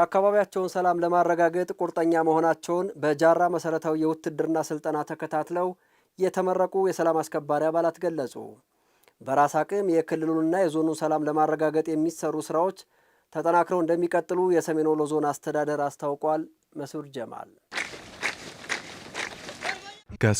የአካባቢያቸውን ሰላም ለማረጋገጥ ቁርጠኛ መሆናቸውን በጃራ መሰረታዊ የውትድርና ስልጠና ተከታትለው የተመረቁ የሰላም አስከባሪ አባላት ገለጹ። በራስ አቅም የክልሉንና የዞኑን ሰላም ለማረጋገጥ የሚሰሩ ስራዎች ተጠናክረው እንደሚቀጥሉ የሰሜን ወሎ ዞን አስተዳደር አስታውቋል። መስዑድ ጀማል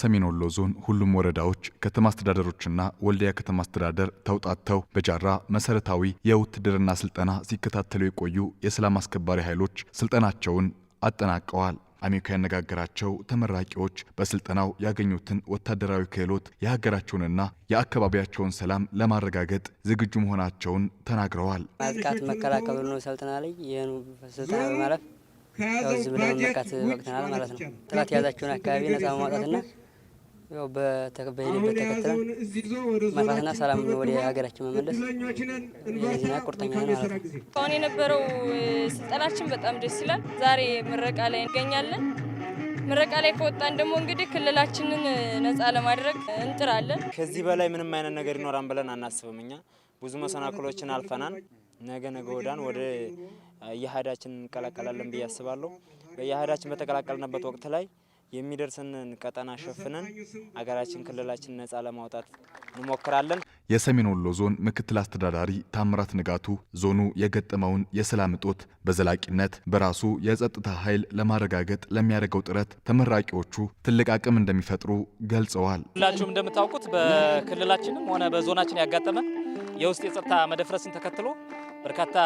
ሰሜን ወሎ ዞን ሁሉም ወረዳዎች ከተማ አስተዳደሮችና ወልዲያ ከተማ አስተዳደር ተውጣተው በጃራ መሰረታዊ የውትድርና ስልጠና ሲከታተሉ የቆዩ የሰላም አስከባሪ ኃይሎች ስልጠናቸውን አጠናቀዋል። አሜሪካ ያነጋገራቸው ተመራቂዎች በስልጠናው ያገኙትን ወታደራዊ ክህሎት የሀገራቸውንና የአካባቢያቸውን ሰላም ለማረጋገጥ ዝግጁ መሆናቸውን ተናግረዋል። ማጥቃት መከላከል ነው። ስልጠና ላይ ይህኑ ስልጠና በማለፍ ህዝብ ለመመካት ወቅተናል ማለት ነው። ጥላት የያዛቸውን አካባቢ ነጻ ማውጣትና በሂደት ተከትለን መፋትና ሰላም ወደ ሀገራችን መመለስ ዜና ቁርጠኛ ነን ማለት ነው። እስካሁን የነበረው ስልጠናችን በጣም ደስ ይላል። ዛሬ ምረቃ ላይ እንገኛለን። ምረቃ ላይ ከወጣን ደግሞ እንግዲህ ክልላችንን ነጻ ለማድረግ እንጥራለን። ከዚህ በላይ ምንም አይነት ነገር ይኖራን ብለን አናስብም። እኛ ብዙ መሰናክሎችን አልፈናል። ነገ ነገ ወዳን ወደ የሀዳችን እንቀላቀላለን ብዬ አስባለሁ። በየሀዳችን በተቀላቀልንበት ወቅት ላይ የሚደርስንን ቀጠና ሸፍነን አገራችን ክልላችን ነጻ ለማውጣት እንሞክራለን። የሰሜን ወሎ ዞን ምክትል አስተዳዳሪ ታምራት ንጋቱ ዞኑ የገጠመውን የሰላም እጦት በዘላቂነት በራሱ የጸጥታ ኃይል ለማረጋገጥ ለሚያደርገው ጥረት ተመራቂዎቹ ትልቅ አቅም እንደሚፈጥሩ ገልጸዋል። ሁላችሁም እንደምታውቁት በክልላችንም ሆነ በዞናችን ያጋጠመን የውስጥ የጸጥታ መደፍረስን ተከትሎ በርካታ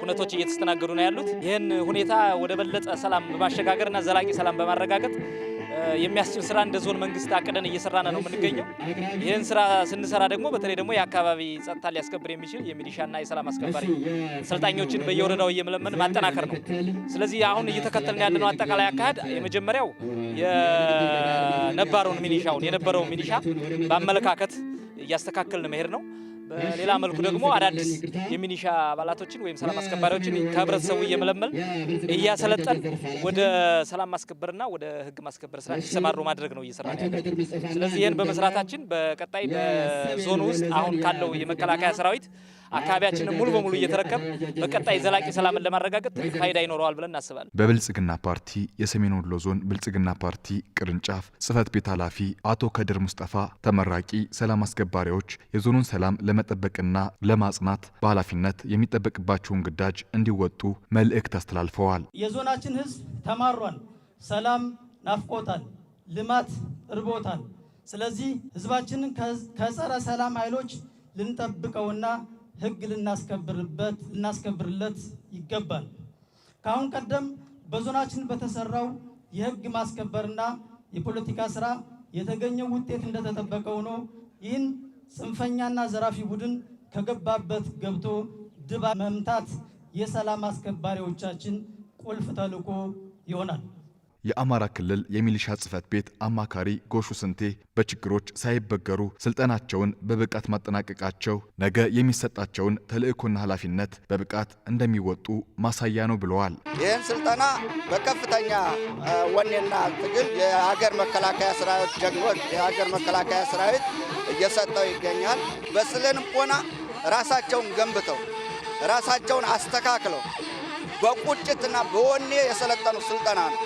ሁነቶች እየተስተናገዱ ነው ያሉት። ይህን ሁኔታ ወደ በለጠ ሰላም በማሸጋገርና ዘላቂ ሰላም በማረጋገጥ የሚያስችል ስራ እንደ ዞን መንግስት አቅደን እየሰራ ነው የምንገኘው። ይህን ስራ ስንሰራ ደግሞ በተለይ ደግሞ የአካባቢ ጸጥታ ሊያስከብር የሚችል የሚሊሻና የሰላም አስከባሪ ሰልጣኞችን በየወረዳው እየመለመን ማጠናከር ነው። ስለዚህ አሁን እየተከተልን ያለነው አጠቃላይ አካሄድ የመጀመሪያው የነባረውን ሚሊሻውን የነበረውን ሚሊሻ በአመለካከት እያስተካከልን መሄድ ነው። በሌላ መልኩ ደግሞ አዳዲስ የሚኒሻ አባላቶችን ወይም ሰላም አስከባሪዎችን ከህብረተሰቡ እየመለመል እያሰለጠን ወደ ሰላም ማስከበርና ወደ ህግ ማስከበር ስራ እንዲሰማሩ ማድረግ ነው እየሰራ ስለዚህ ይህን በመስራታችን በቀጣይ በዞኑ ውስጥ አሁን ካለው የመከላከያ ሰራዊት አካባቢያችንን ሙሉ በሙሉ እየተረከብ በቀጣይ ዘላቂ ሰላምን ለማረጋገጥ ትልቅ ፋይዳ ይኖረዋል ብለን እናስባለን። በብልጽግና ፓርቲ የሰሜን ወሎ ዞን ብልጽግና ፓርቲ ቅርንጫፍ ጽህፈት ቤት ኃላፊ አቶ ከድር ሙስጠፋ ተመራቂ ሰላም አስከባሪዎች የዞኑን ሰላም ለመጠበቅና ለማጽናት በኃላፊነት የሚጠበቅባቸውን ግዳጅ እንዲወጡ መልእክት አስተላልፈዋል። የዞናችን ህዝብ ተማሯል፣ ሰላም ናፍቆታል፣ ልማት እርቦታል። ስለዚህ ህዝባችንን ከጸረ ሰላም ኃይሎች ልንጠብቀውና ህግ ልናስከብርበት ልናስከብርለት ይገባል። ከአሁን ቀደም በዞናችን በተሰራው የህግ ማስከበርና የፖለቲካ ስራ የተገኘው ውጤት እንደተጠበቀ ሆኖ ይህን ጽንፈኛና ዘራፊ ቡድን ከገባበት ገብቶ ድባ መምታት የሰላም አስከባሪዎቻችን ቁልፍ ተልዕኮ ይሆናል። የአማራ ክልል የሚሊሻ ጽህፈት ቤት አማካሪ ጎሹ ስንቴ በችግሮች ሳይበገሩ ስልጠናቸውን በብቃት ማጠናቀቃቸው ነገ የሚሰጣቸውን ተልእኮና ኃላፊነት በብቃት እንደሚወጡ ማሳያ ነው ብለዋል። ይህን ስልጠና በከፍተኛ ወኔና ትግል የሀገር መከላከያ ሰራዊት ጀግኖች የሀገር መከላከያ ሰራዊት እየሰጠው ይገኛል። በስነ ሆና ራሳቸውን ገንብተው ራሳቸውን አስተካክለው በቁጭትና በወኔ የሰለጠኑ ስልጠና ነው።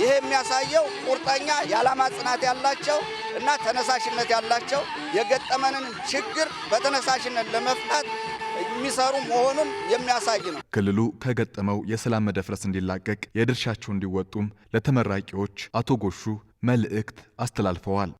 ይሄ የሚያሳየው ቁርጠኛ የዓላማ ጽናት ያላቸው እና ተነሳሽነት ያላቸው የገጠመንን ችግር በተነሳሽነት ለመፍታት የሚሰሩ መሆኑን የሚያሳይ ነው። ክልሉ ከገጠመው የሰላም መደፍረስ እንዲላቀቅ የድርሻቸው እንዲወጡም ለተመራቂዎች አቶ ጎሹ መልእክት አስተላልፈዋል።